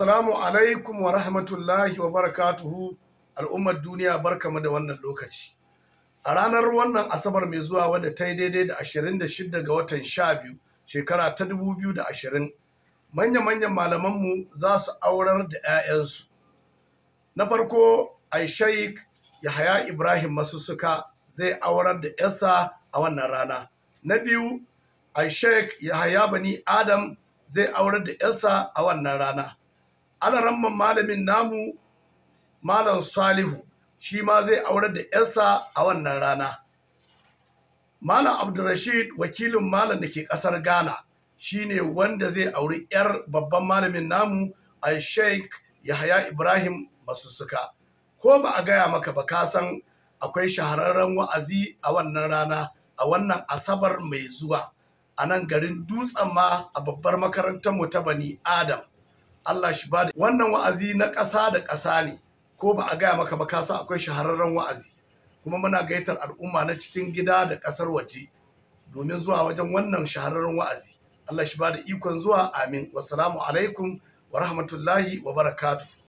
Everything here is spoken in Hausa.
Assalamu alaikum wa rahmatullahi wa barakatuhu al'ummar duniya barkamu da wannan lokaci. A ranar wannan Asabar mai zuwa wadda ta yi daidai da 26 ga watan 12 shekara ta 2020 manya-manyan malamanmu za su aurar da 'ya'yansu. Na farko, Aishaik Yahaya Ibrahim Masussuka zai aurar da 'yarsa a wannan rana. Na biyu, Aishaik Yahaya Bani Adam zai aurar da 'yarsa a wannan rana. alaramman malamin namu malam salihu shi ma zai aurar da yarsa a wannan rana malam abdurrashid wakilin malam da ke ƙasar ghana shine wanda zai auri 'yar babban malamin namu a sheik yahaya ibrahim Masu masussuka ko ba a gaya maka ba ka san akwai shahararren wa'azi a wannan rana a wannan asabar mai zuwa a nan garin dutsen ma a babbar makarantar mu ta bani adam Allah shi ba da wannan wa'azi na ƙasa da ƙasa ne ko ba a gaya maka ba kasa akwai shahararren wa'azi kuma muna gaitar al'umma na cikin gida da ƙasar waje domin zuwa wajen wannan shahararren wa'azi Allah shi ba da ikon zuwa amin wassalamu alaikum wa rahmatullahi wa barakatuh